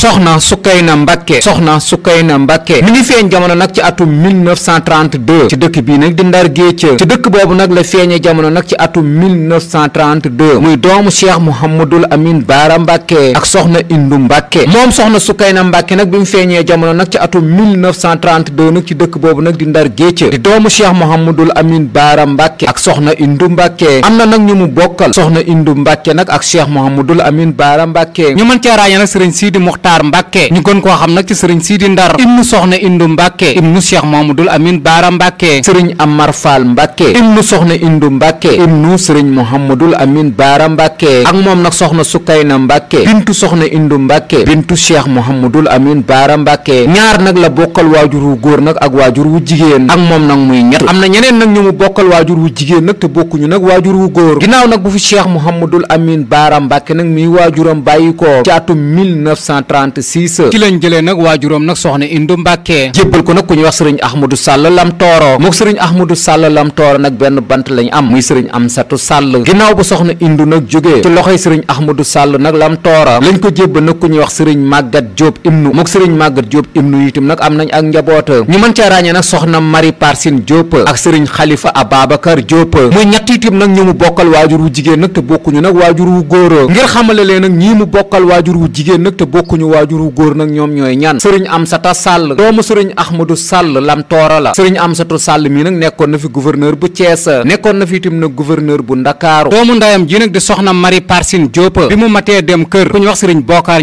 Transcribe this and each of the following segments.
soxna Sukayna Mbàkke soxna Sukayna Mbàkke mi ngi feeñ jamono nag ci atum 1932 ci dëkk bii nag di Ndar ci dëkk boobu nag la feeñee jamono nag ci atum 1932 muy doomu Cheikh Mouhamadul Amin Baara Mbàkke ak soxna Indu Mbàkke moom soxna Sukayna Mbàkke nag bi mu jamono nag ci atum 1932 nag ci dëkk boobu nag di Ndar Géej di doomu Cheikh Mouhamadul Amin Baara Mbàkke ak soxna Indu Mbàkke am na nag ñu mu bokkal soxna Indu Mbàkke nag ak Cheikh Mouhamadul Amin Baara Mbàkke ñu mën cee ràññee nag Sëriñ Sidi Moxtaar Maxtaar Mbàkke ñu gën koo xam nag ci sëriñ Sidi Ndar ibnu soxna Indu Mbàkke ibnu Cheikh Mamadul Amin Baara Mbàkke sëriñ Amar Fall Mbàkke ibnu soxna Indu Mbàkke ibnu sëriñ Mouhamadul Amin Baara Mbàkke ak moom nag soxna Sukayna Mbàkke bintu soxna Indu Amin Baara Mbàkke ñaar nag la bokkal waajur wu góor nag ak waajur wu jigéen ak moom nag muy ñett am na ñeneen nag ñu mu bokkal waajur wu jigéen nag te bokkuñu nag waajur wu góor ginnaaw nag bu fi Cheikh Mouhamadul Amin Baara Mbàkke nag muy waajuram bàyyi ko ci 36 heures ci lañ jëlee nag waajuróom nag soxna Indu Mbàkke jébbal ko nag ku ñuy wax sëriñ Ahmadou Sall Lam Tooro mook sëriñ Ahmadou Sall Lam Tooro nag benn bant lañ am muy sëriñ Amsatu Sall ginnaaw ba soxna Indu nag jógee ci loxoy sëriñ Ahmadou Sall nag Lam Tooro ko jébbal nag ku ñuy wax sëriñ Màggat Jóob Imnu mook sëriñ Màggat Jóob Imnu itam nag am nañ ak njaboot ñu mën cee ràññee nag soxna Mari Parsin Jóob ak sëriñ Xalifa Ababacar Jóob muy ñett itam nag ñu mu bokkal waajur wu jigéen nag te bokkuñu nag waajur wu góor ngir xamale leen nag suñu waajuru góor nag ñoom ñooy ñan sëriñ Amsata Sall doomu sëriñ Ahmadou Sall Lamtoora la sëriñ Amsatu Sall mi nag nekkoon na fi gouverneur bu Thiès nekkoon na fi itam nag gouverneur bu Ndakaaru doomu ndayam ji nag di soxna Marie Parsine Diop bi mu matee dem kër ku ñu wax sëriñ Bokar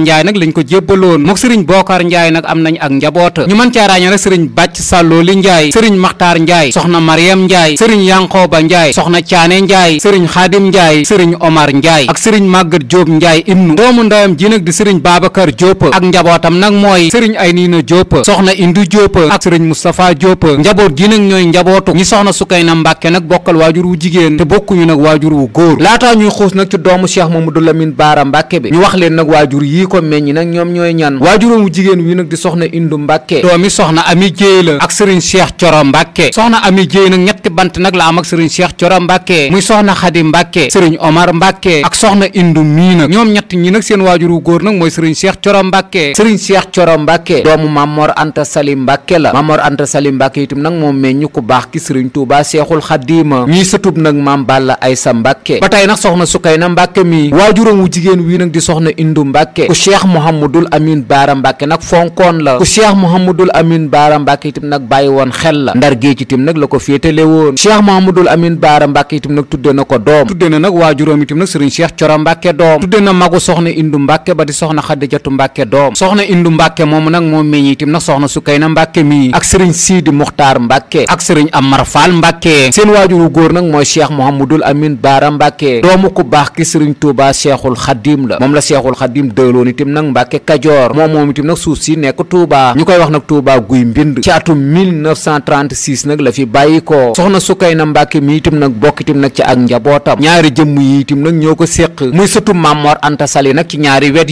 ko jébbaloon mook sëriñ Bokar Ndiaye nag am nañ ak njaboot ñu mën caa ràññee nag sëriñ Bàcc Salloli Ndiaye sëriñ Maxtaar Ndiaye soxna Mariam Ndiaye sëriñ Yankooba Ndiaye soxna Caane Ndiaye sëriñ Xaadim Ndiaye sëriñ Omar Ndiaye ak sëriñ Màggat Diop Ndiaye ibnu doomu ndayam ji di sëriñ Babacar Diop Diop ak njabootam nag mooy sëriñ Aynina Diop soxna Indu Diop ak sëriñ Moustapha Diop njaboot ji nag ñooy njabootu ñi soxna Sukayna Mbàkke nag bokkal waajur wu jigéen te bokkuñu nag waajur wu góor laataa ñuy xuus nag ci doomu moom Mamadou Lamine Baara Mbàkke bi ñu wax leen nag waajur yii ko meññi nag ñoom ñooy ñan waajuram wu jigéen wi nag di soxna Indu Mbàkke doomi soxna Ami Jéey la ak sëriñ Cheikh Coro Mbàkke soxna Ami Jéey nag ñetti bant nag la am ak sëriñ Cheikh Coro Mbàkke muy soxna Xadi Mbàkke sëriñ Omar Mbàkke ak soxna Indu mii nag ñoom ñett ñi nag seen góor nag mooy sëriñ Mbàkke sëriñ Cheikh Coro Mbàkke doomu Mamor Anta Sali Mbàkke la Mamor Anta Sali Mbàkke itam nag moom meññu ku baax ki sëriñ Tuubaa Seexul Xadiima ñii sëtub nag Maam Balla Aysa Mbàkke ba tey nag soxna Sukayna Mbàkke mi waajuram wu jigéen wii nag di soxna Indu Mbàkke ku Cheikh Mouhamadul Amin Baara Mbàkke nag fonkoon la ku Cheikh Mouhamadul Amin Baara Mbàkke itam nag bàyyi woon xel la ndar géej itam nag la ko féetale woon Cheikh Mouhamadul Amin Baara Mbàkke itam nag tudde na ko doom tudde na nag waajuram itam nag sëriñ Cheikh Coro Mbàkke doom tudde ba mbàkke soxna indu mbàkke moom nag moo meññ itam nag soxna sukayna mbàkke mii ak sii siidi muxtaar mbàkke ak sëriñ amar faal mbàkke seen waajur wu góor nag mooy cheikh mouhamadul amin baara mbàkke doomu ku baax ki sëriñ tuuba cheikhul xadim la moom la cheikhul xadim dëloon itam nag mbàkke kajoor moom moom itam nag suuf si nekk tuuba ñu koy wax nag tuuba guy mbind ci atum 1936 nag la fi bàyyi ko soxna sukayna mbàkke mii itam nag bokk itam nag ci ak njabootam ñaari jëmm yi nag ñoo ko séq muy mamor anta sali nag ci ñaari wet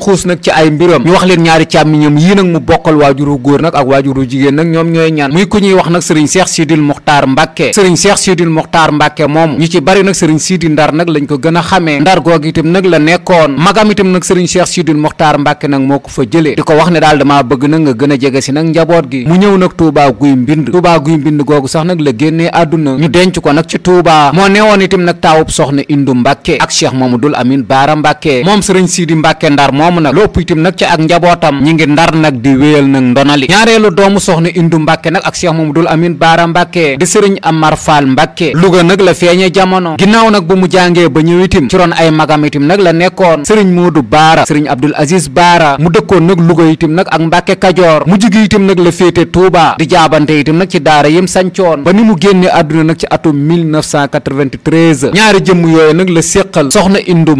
xuus nag ci ay mbiram ñu wax leen ñaari càmmiñam yii nag mu bokkal waajuru góor nag ak waajuru jigéen nag ñoom ñooy ñaan muy ku ñuy wax nag sëriñ Cheikh Sidil Mokhtar Mbacke sëriñ Cheikh Sidil Mokhtar Mbacke moom ñu ci bari nag sëriñ siidi Ndar nag lañ ko gën a Ndar googu itam nag la nekkoon magam itam nag sëriñ Cheikh Sidil Mokhtar Mbacke nag moo ko fa jëlee di ko wax ne daal damaa bëgg nag nga gën a jege si nag njaboot gi mu ñëw nag Touba guy mbind Touba guy mbind googu sax nag la génnee àdduna ñu denc ko nag ci Touba moo neewoon itam nag taawub soxna Indu Mbacke ak Cheikh Mamadou Amine Baara Mbacke moom sëriñ Sidi Mbacke Ndar moom moom nag lopp itam nag ci ak njabootam ñi ngi ndar nag di wéyal nag ndonali ñaareelu doomu soxna indu mbàkke nag ak cheikh mamadul amin baara mbàkke di sëriñ amar faal luga nag la feeñe jamono ginnaaw nag bu mu jàngee ba ñëw itam ci roon ay magam itam nag la nekkoon sëriñ moodu baara sëriñ abdul aziz baara mu dëkkoon nag luga itam nag ak mbàkke kajoor mu jigi itam nag la féete tuuba di jaabante itam nag ci daara yim sancoon ba ni mu génne àdduna nag ci atum 1993 ñaari jëmm yooyu nag la séqal soxna indu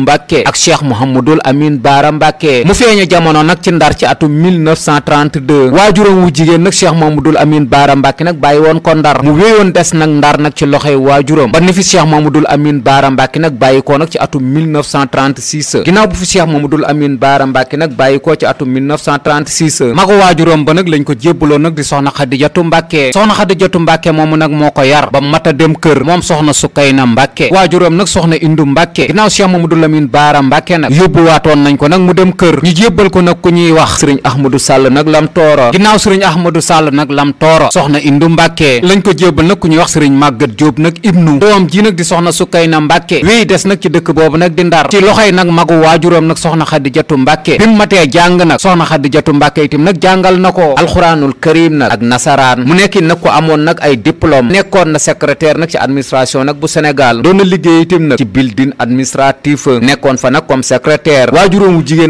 Mbàkke mu feeñu jamono nag ci ndar ci atum 1932 waajuram wu jigéen nag Cheikh Mamadou Amine Baara Mbàkke nag bàyyi woon ko ndar mu wéyoon des nag ndar nag ci loxoy waajuram ba ni fi Cheikh Mamadou Amine Baara Mbàkke nag bàyyi ko nag ci atum 1936 ginnaaw bu fi Cheikh Mamadou Amine Baara Mbàkke nag bàyyi ko ci atum 1936 magu waajuram ba nag lañ ko jébbaloon nag di soxna Xadijatu Mbàkke soxna Xadijatu Mbàkke moomu nag moo ko yar ba mat a dem kër moom soxna Sukayna Mbàkke waajuram nag soxna Indu Mbàkke ginnaaw Cheikh Mamadou Amine Baara Mbàkke nag yóbbuwaatoon nañ ko nag mu dem kër ñu jébbal ko nag ku ñuy wax sëriñ ahmadou sàll nag lam tooro ginnaaw sëriñ ahmadou sàll nag lam tooro soxna indu mbàkke lañ ko jébbal nag ku ñuy wax sëriñ màggat jóob nag ibnu doom ji nag di soxna sukkayna mbàkke wéy des nag ci dëkk boobu nag di ndar ci loxoy nag magu waajuram nag soxna xadijatu mbàkke bi mu matee jàng nag soxna xadijatu mbàkke itam nag jàngal na ko alxuraanul karim nag ak nasaraan mu nekkin nag ko amoon nag ay diplôme nekkoon na secrétaire nag ci administration nag bu sénégal doon na liggéey itam nag ci building administratif nekkoon fa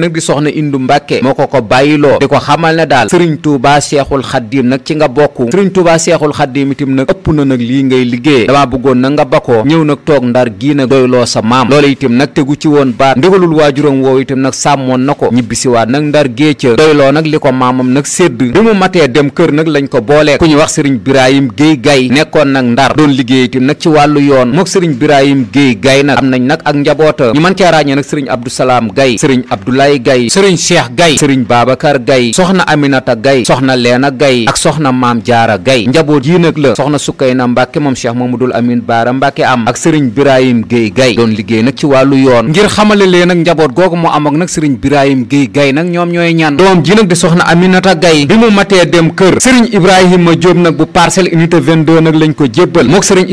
nag di soxna Indu Mbàkke moo ko ko bàyyiloo di ko xamal ne daal sëriñ Tuubaa Seexul Xaddiim nag ci nga bokk sëriñ Tuubaa Seexul Xaddiim itam nag ëpp na nag lii ngay liggéeye damaa bëggoon nag nga bakoo ñëw nag toog ndar gii nag doyloo sa maam loola itam nag tegu ci woon baat ndigalul waajuram woowu itam nag sàmmoon na ko ñibbisiwaat nag ndar gée ca doyloo nag li ko maamam nag sédd bi mu matee dem kër nag lañ ko boolee ku ñu wax sëriñ Birahim Géey Gay nekkoon nag ndar doon liggéey nag ci wàllu yoon mook sëriñ Birahim Géey Gay nag am nañ nag ak njaboota ñu mën cee ràññee nag sëriñ Abdou Salaam Abdoulaye Gaye sëriñ Cheikh Gaye sëriñ Babacar Gaye soxna Aminata Gaye soxna Leena Gaye ak soxna Maam Jaara Gaye njaboot yi nag la soxna Sukayna Mbàkke moom Cheikh Mamadul Amin Baara Mbàkke am ak sëriñ Birahim Gaye Gaye doon liggéey nag ci wàllu yoon ngir xamale leen nag njaboot googu mu am ak nag sëriñ Birahim Gaye Gaye nag ñoom ñooy ñan doom ji nag di soxna Aminata Gaye bi mu matee dem kër sëriñ Ibrahima Diop nag bu parcelle unité 22 nag ko jébbal mook sëriñ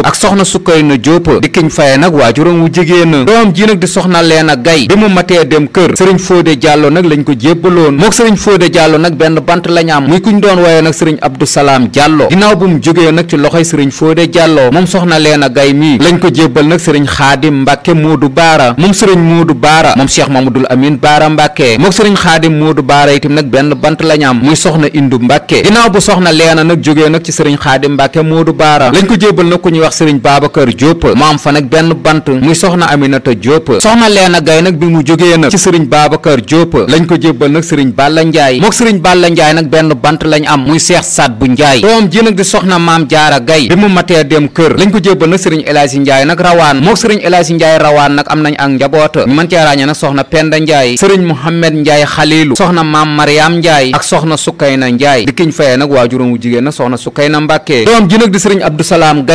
Diop ak soxna Sukayna Diop dikkiñ faye nag waajuram wu na doom ji nag di soxna Leena Gaye bi mu matee dem kër sëriñ Fodé Diallo nag lañ ko jébbaloon mook sëriñ Fodé Diallo nag benn bant lañ am muy kuñ doon wooye nag sëriñ Abdou Salaam Diallo ginnaaw bu mu jógee nag ci loxoy sëriñ Fodé jàlloo moom soxna Leena gay mii lañ ko jébbal nag sëriñ Xaadim Mbàkke Moodu Baara moom sëriñ Moodu Baara moom Cheikh Mamadul Amin Baara Mbàkke mook sëriñ Xaadim Moodu Baara itam nag benn bant lañ muy soxna Indu Mbàkke ginnaaw bu soxna Leena nag jógee nag ci sëriñ Xaadim Mbàkke Moodu Cheikh Serigne Babacar Diop mu am fa nag benn bant muy soxna Aminata Diop soxna Leena Gaye nag bi mu jógee nag ci Serigne Babacar Diop lañ ko jébbal nag Serigne Balla Ndiaye mook Serigne Balla Ndiaye nag benn bant lañ am muy Cheikh Saad bu Ndiaye doom ji nag di soxna Maam Jaara Gaye bi mu matee dem kër lañ ko jébbal nag Serigne El Hadji Ndiaye nag rawaan mook Serigne El Hadji Ndiaye rawaan nag am nañ ak njaboot ñu mën cee ràññee nag soxna Penda Ndiaye Serigne Mohamed Ndiaye Khalilu soxna Maam Mariam Ndiaye ak soxna Sukayna Ndiaye di kiñ nag waa wu jigéen nag soxna Sukayna Mbàkke doom ji nag di Serigne Abdou Salam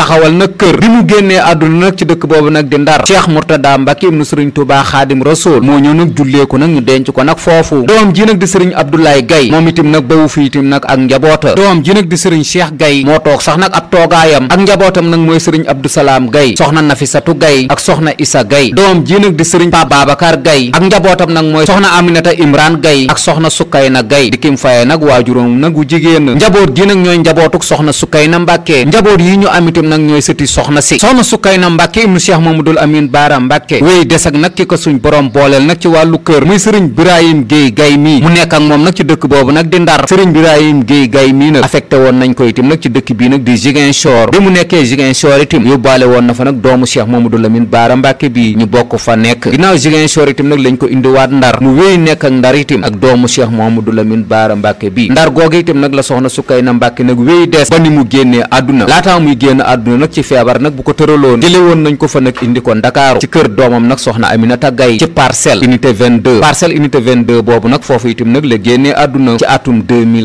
taxawal nag kër bi mu génnee àdduna nag ci dëkk boobu nag di ndar cheikh murtada mbàkke ibnu sëriñ tuuba xaadim rasool moo ñëw nag jullee ko nag ñu denc ko nag foofu doom ji nag di sëriñ abdoulaye gay moom itam nag ba fi itam nag ak njaboota doom ji nag di sëriñ cheikh gay moo toog sax nag ab toogaayam ak njabootam nag mooy sëriñ abdou salaam gay soxna nafisatu gay ak soxna isa gay doom ji nag di sëriñ pa babacar gay ak njabootam nag mooy soxna aminata imran gay ak soxna sukkayna gay di kim faye nag waajuróom nag wu jigéen njaboot ji nag ñooy njabootuk soxna sukkayna mbàkke njaboot yi ñu am itam nag ñooy sëti soxna si soxna Sukayna Mbàkke ibnu Cheikh Mamadul Amin Baara Mbàkke wéy des ak nag ki ko suñ borom booleel nag ci wàllu kër muy sëriñ Birahim Guèye Gaye mii mu nekk ak moom nag ci dëkk boobu nag di Ndar sëriñ Birahim Guèye Gaye mii nag affecté woon nañ ko itam nag ci dëkk bii nag di Ziguinchor bi mu nekkee Ziguinchor itam yóbbaale woon na fa nag doomu Cheikh Mamadul Amin Baara Mbàkke bi ñu bokk fa nekk ginnaaw Ziguinchor itam nag lañ ko indiwaat Ndar mu wéy nekk ak Ndar itam ak doomu Cheikh Mamadul Baara Mbàkke bi Ndar googu itam nag la soxna Sukayna Mbàkke nag wéy des ba ni mu génnee àdduna laataa muy génn àdduna nag ci feebar nag bu ko tëraloon jële woon nañ ko fa nag indi ko ndakaaru ci kër doomam nag soxna Aminata Gaye ci parcelle unité 22 parcelle unité 22 boobu nag foofu itam nag la génnee àdduna ci atum mu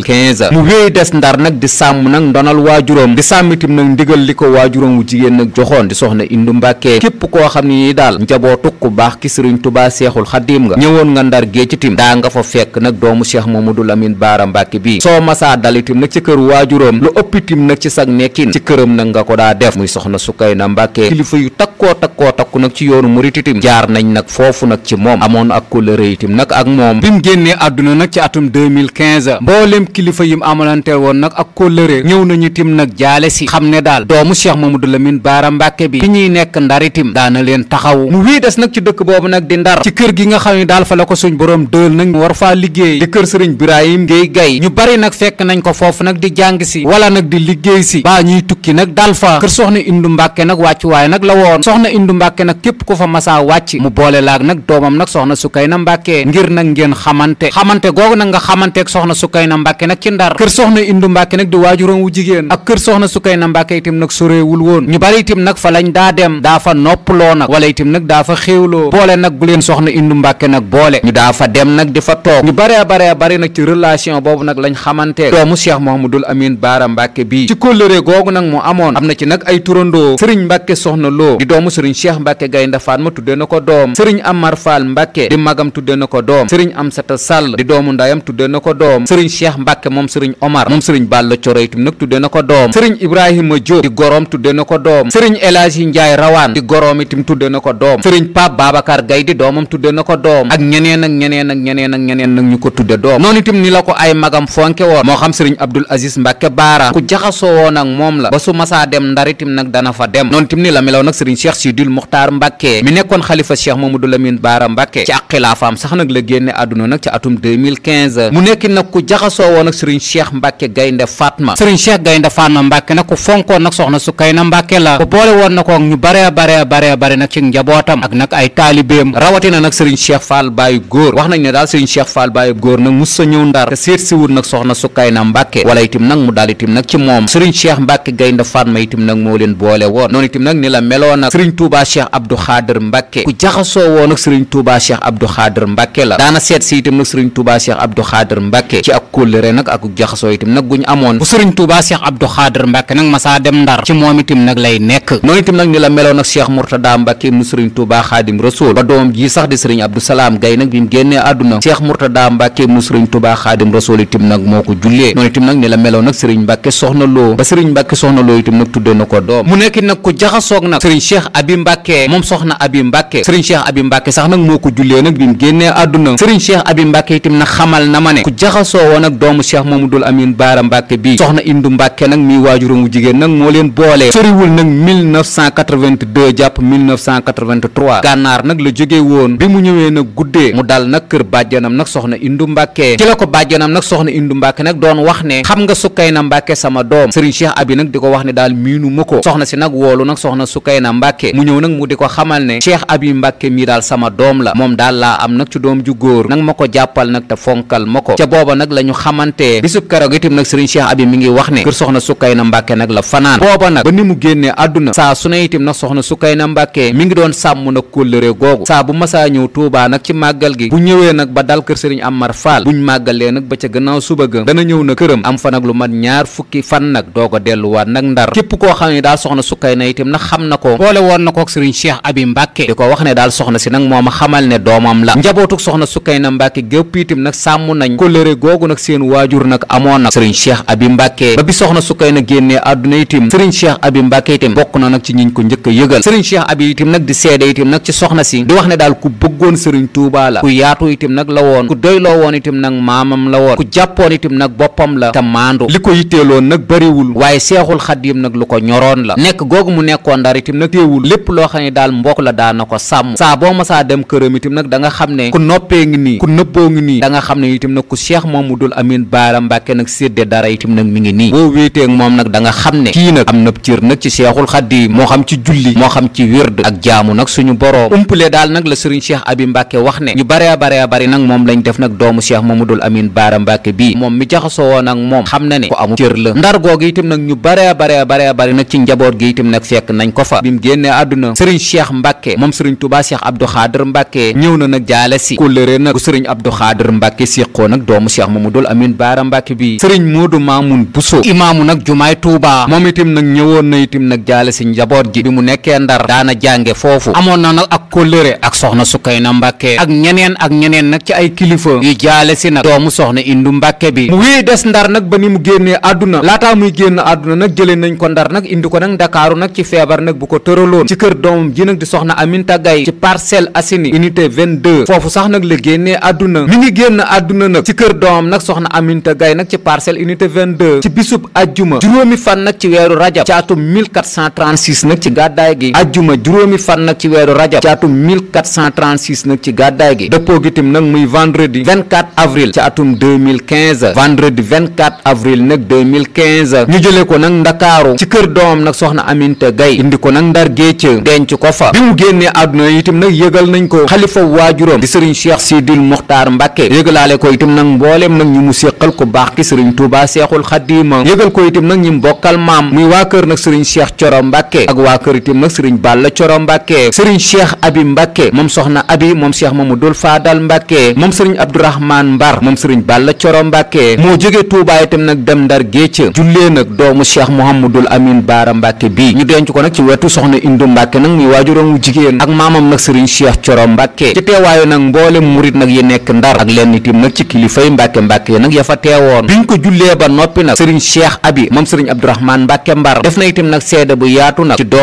wéy des ndar nag di sàmm nag ndonal waajuram di sàmm nag ndigal li ko waajuram wu jigéen nag joxoon di soxna Indu Mbàkke képp koo xam ni daal njabootu ku baax ki sëriñ Tubaa Seexul Xadiim nga ñëwoon nga ndar géej itam daa nga fa fekk nag doomu Cheikh Mamadou Lamine Baara ko daa def muy soxna Sukayna Mbàkke kilifa yu takkoo takkoo takku nag ci yoonu murit itam jaar nañ nag foofu nag ci moom amoon ak kóllëre itam nag ak moom bi mu génnee àdduna nag ci atum 2015 mbooleem kilifa yim amalanteel woon nag ak kóllëre ñëw nañu tim nag jaale si xam ne daal doomu Cheikh Mamadou Lamine Baara Mbàkke bi fi ñuy nekk ndar daana leen taxaw mu wii des nag ci dëkk boobu nag di ndar ci kër gi nga xam ne daal fa la ko suñ borom dël nag fa kër soxna indu mbàkke nag wàcc waaye nag la woon soxna indu mbàkke nag képp ku fa masaa wàcc mu boole laag nag doomam nag soxna sukayna mbàkke ngir nag ngeen xamante xamante googu nag nga xamanteek soxna sukayna mbàkke nag ci ndar kër soxna indu mbàkke nag di waajuram wu jigéen ak kër soxna sukayna mbàkke itam nag soreewul woon ñu bari itam nag fa lañ daa dem daa fa loo nag wala itam nag daa fa loo boole nag gu leen soxna indu mbàkke nag boole ñu daa fa dem nag di fa toog ñu bare bare bare nag ci relation boobu nag lañ xamante doomu cheikh mohamadul amin baara mbàkke bii ci kóllëre ci nag ay turandoo sëriñ mbàkke soxna loo di doomu sëriñ cheikh mbàkke gaynde fatma tudde na ko doom sëriñ amar faal mbàkke di doom sëriñ amsata sàll di doomu ndayam tudde na ko doom sëriñ cheikh mbàkke moom sëriñ omar moom sëriñ balla coro itam nag tudde na ko doom sëriñ ibrahima diop di goroom tudde na ko doom sëriñ elaaji njaay rawaan di goroom itam tudde na ko doom sëriñ pape babacar gay di doomam tudde na ko doom ak ñeneen ak ñeneen ak ñeneen ak ñeneen nag ñu ko tudde doom noonu itam ni la ko ay magam fonke woon moo xam sëriñ abdul aziz mbàkke baara ku itam ndar itam nag dana fa dem noonu tim ni la meloon nag sëriñ cheikh sidil muxtaar mbàkke mi nekkoon xalifa cheikh mamadou lamine baara mbàkke ci ak xilaafaam sax nag la génne àdduna nag ci atum 2015 mu nekki nag ku jaxasoo woon nag sëriñ cheikh mbàkke gaynde fatma sëriñ cheikh gaynde fatma mbàkke nag ku fonkoon nag soxna su kay na mbàkke la ku boole woon na ko ñu bare bare bare nag ci njabootam ak nag ay taalibeem rawatina nag sëriñ cheikh fall baayu góor wax nañ ne daal sëriñ cheikh fall baayu góor nag mus sa ñëw ndar te seet su kay na mbàkke wala itam nag mu daal itam nag ci moom sëriñ cheikh itam nag moo leen boole woon noonu itam nag ni la meloon ak sëriñ Touba Cheikh Abdou Khader Mbacke ku jaxasoo woon ak sëriñ Touba Cheikh Abdou Khader Mbacke la daana seet si itam nag sëriñ Touba Cheikh Abdou Khader Mbacke ci ak kóllëre nag ak jaxasoo itam nag guñ amoon bu sëriñ Touba Cheikh Abdou Khader Mbacke nag masaa dem ndar ci moom itam nag lay nekk noonu itam nag ni la meloon ak Cheikh Mourtada Mbacke mu sëriñ Touba Khadim Rasoul ba doom ji sax di sëriñ Abdou Salaam Gaye nag bi mu génnee àdduna Cheikh Mourtada Mbacke mu sëriñ Touba Khadim Rasoul itam nag moo ko jullee noonu itam nag ni la meloon nag sëriñ Mbacke soxna loo ba sëriñ Mbacke soxna loo itam nag tudde na ko doom mu nekk nag ku jaxasoog nag sëriñ cheikh abi mbàkke moom soxna abi mbàkke sëriñ cheikh abi mbàkke sax nag moo ko jullee nag bi mu génnee àdduna sëriñ cheikh abi mbàkke itam nag xamal na ma ne ku jaxasoo woon ak doomu cheikh mamadul amin baara mbàkke bi soxna indu mbàkke nag miy waajuram wu jigéen nag moo leen boolee soriwul nag 1982 jàpp 1983 gànnaar nag la jóge woon bi mu ñëwee nag guddee mu dal nag kër bàjjanam nag soxna indu mbàkke ci la ko bàjjanam nag soxna indu mbàkke nag doon wax ne na mbàkke sama doom sëriñ cheikh abi nag di ko wax ne miinu ma ko soxna si nag woolu nag soxna Sukayna Mbàkke mu ñëw nag mu di ko xamal ne Cheikh Abi Mbàkke mi daal sama doom la moom daal laa am nag ci doom ju góor nag ma ko jàppal nag fonkal ma ko ca booba nag la ñu xamante bisub keroog itam nag sëriñ Cheikh Abi mi ngi wax ne kër soxna Sukayna Mbàkke nag la fanaan booba nag ba ni mu génnee àdduna saa su ne itam nag soxna Sukayna Mbàkke mi ngi doon sàmm nag kóllëre googu saa bu masaa ñëw Tuubaa nag ci màggal gi bu ñëwee nag ba dal kër sëriñ Amar Faal ñu màggalee nag ba ca gannaaw suba ga dana ñëw na këram am fa nag lu mat ñaar fukki fan nag doog a delluwaat nag ndar koo xam ne daal soxna sukkay na itam nag xam na ko boole woon na kook sëriñ Cheikh Abi Mbàkke di ko wax ne daal soxna si nag mooma xamal ne doomam la njabootuk soxna sukkay na Mbàkke gépp itam nag sàmm nañ kóllëre googu nag seen waajur nag amoon nag sëriñ Cheikh Abi Mbàkke ba bi soxna sukkay na génnee àdduna itam sëriñ Cheikh bokk na nag ci ñiñ ko njëkk a yëgal sëriñ Cheikh Abi itam nag di seede itam nag ci soxna si di wax ne daal ku bëggoon sëriñ Tuubaa la ku yaatu itam nag la woon ku doyloo woon itam nag maamam la woon ku jàppoon nag boppam la te maandu lu ko ñoroon la nekk googu mu nekkoon ndar itam nag téewul lépp loo xam ne daal mbokk la daana sàmm saa boo masaa dem këram itam nag da xam ne ku noppee ngi nii ku nëbboo ngi nii da nga xam ne moom nag da nga xam ne kii nag am na cër nag ci cheikhul xaddiim moo xam ci julli moo xam ci wird ak jaamu nag suñu boroom umpule daal nag la sëriñ cheikh abi mbàkke wax ne ñu bare bare bari nag moom lañu def nag doomu seex moom cheikh dul amin baara mbàkke bii moom mi jaxasoo woon ak moom xam na ne ko la bari nag ci njaboot gi itam nag fekk nañ ko fa bi mu génnee àdduna sëriñ cheikh mbàkke moom sëriñ tubaa cheikh abdou xaadir mbàkke ñëw na nag jaale si kóllëre nag gu sëriñ abdou xaadir mbàkke séqoo nag doomu cheikh mamadul amin baara mbàkke bi sëriñ moodu maamun buso na itam nag njaboot gi bi mu nekkee ndar daana jànge foofu amoon na nag ak kóllëre ak soxna sukkayna mbàkke ak ñeneen ak ñeneen nag ci ay kilifa yu jaale si nag doomu soxna indu mbàkke bi mu wéy des ndar nag ba ni mu génnee àdduna laataa muy génn àdduna nag jëlee nañ ko ndar feebar nag indi ko nag ndakaaru nag ci feebar nag bu ko tëraloon ci kër doomam ji nag di soxna Aminta Gaye ci Parcelles Assainies unité foofu sax nag la génnee àdduna mi ngi génn àdduna nag ci kër doomam nag soxna Aminta Gaye nag ci Parcelles unité 22 ci bisub ajjuma juróomi fan nag ci weeru rajab ci atum 1436 nag ci gàddaay gi ajjuma juróomi fan nag ci weeru rajab ci atum 1436 nag ci gàddaay gi dëppoo gitim nag muy vendredi 24 avril ci atum 2015 vendredi 24 avril nag 2015 ñu jëlee ko nag ndakaaru ci kër doomam nag soxna Aminta Gaye indi ko nag ndar géej denc ko fa bi mu génnee àdduna itam nag yëgal nañ ko xalifa waajuram di sëriñ Cheikh Sidil Muxtaar Mbàkke yëgalaale ko itam nag mbooleem nag ñu mu séqal ko baax ki sëriñ Touba Seexul Xadiima yëgal ko itam nag ñi mbokkal maam muy waa kër nag sëriñ seex Coro Mbàkke ak waa kër itam nag sëriñ Balla Coro Mbàkke sëriñ Cheikh Abi Mbàkke moom soxna Abi moom Cheikh Mamadul Faadal Mbàkke moom sëriñ Abdourahman Mbar moom sëriñ Balla Coro Mbàkke moo jógee Touba itam nag dem ndar géej jullee nag doomu Cheikh Mouhamadoul Lamine Baara Mbàkke bii ñu denc ko nag ci wetu soxna Indu Mbàkke nag muy waajuram wu jigéen ak maamam nag sëriñ Cheikh Coro Mbàkke ci teewaayu nag mboole murit nag yi nekk Ndar ak lenn itam nag ci kilifay Mbàkke Mbàkke yi nag ya ba noppi nag sëriñ Cheikh Abi moom sëriñ Abdourahmane Mbàkke Mbar def na itam nag seede bu yaatu nag bi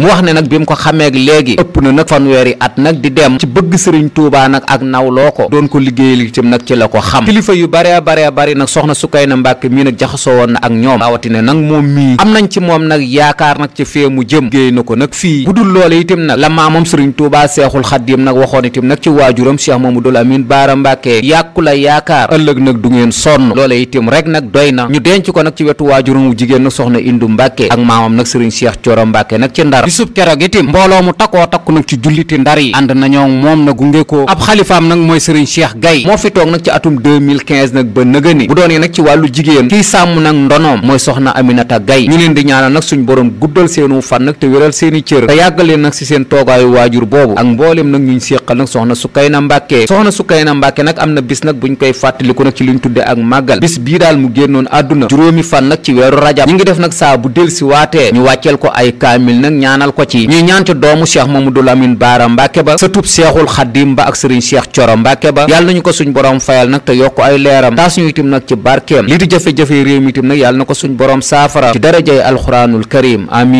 mu wax ne nag bi mu ko xameek léegi ëpp na nag fanweeri at nag di dem ci bëgg sëriñ Tuubaa nag ak nawloo ko doon ko liggéeyal itam nag ci la ko xam kilifa yu bare bare bari nag soxna Sukayna Mbàkke mii nag jaxasoo na ak ñoom rawatina nag moom mii am nañ ci moom nag yaakaar nag ci fee mu jëm géey na nag fii bu dul loolu itam nag la maamam sëriñ Tuubaa Seexul Xaddiim nag waxoon itam nag ci waajuram Cheikh Mamadou Lamine Baara Mbàkke yàkku la yaakaar ëllëg nag du ngeen sonn loola itam rek nag doy na ñu denc ko nag ci wetu waajuram wu jigéen nag soxna Indu Mbàkke ak maamam nag sëriñ Cheikh Coro Mbàkke nag ci ndar bisub keroog itam mbooloo mu takkoo takku nag ci julliti ndar na gunge ko ab xalifaam nag mooy sëriñ Cheikh Gaye moo fi toog nag ci atum 2015 nag ba nëgëni bu mooy soxna Aminata Gaye ñu leen di ñaanal nag suñ borom guddal seenu fan nag te wéral seeni cër te yàggal leen nag si seen toogaayu waajur boobu ak mbooleem nag ñuñ séqal nag soxna Sukayna Mbàkke soxna Sukayna Mbàkke nag am na bis nag buñ koy fàttaliku nag ci luñ tudde ak màggal bis bii daal mu génnoon àdduna juróomi fan nag ci weeru rajab ñi bu del si waatee ñu wàcceel ko ay kaamil nag ñaanal ko ci ñuy ñaan ca doomu cheikh Mamadou Lamine Baara Mbàkke ba sa tub seexul xaddim ba ak sëriñ cheikh Coro Mbàkke ba yàlla nañu ko suñ borom fayal nag te yokk ay leeram taas ñu itam nag ci barkeem li di jafe-jafe réew mi itam nag yàlla na suñ borom saafara ci darajay alxuraanul karim amin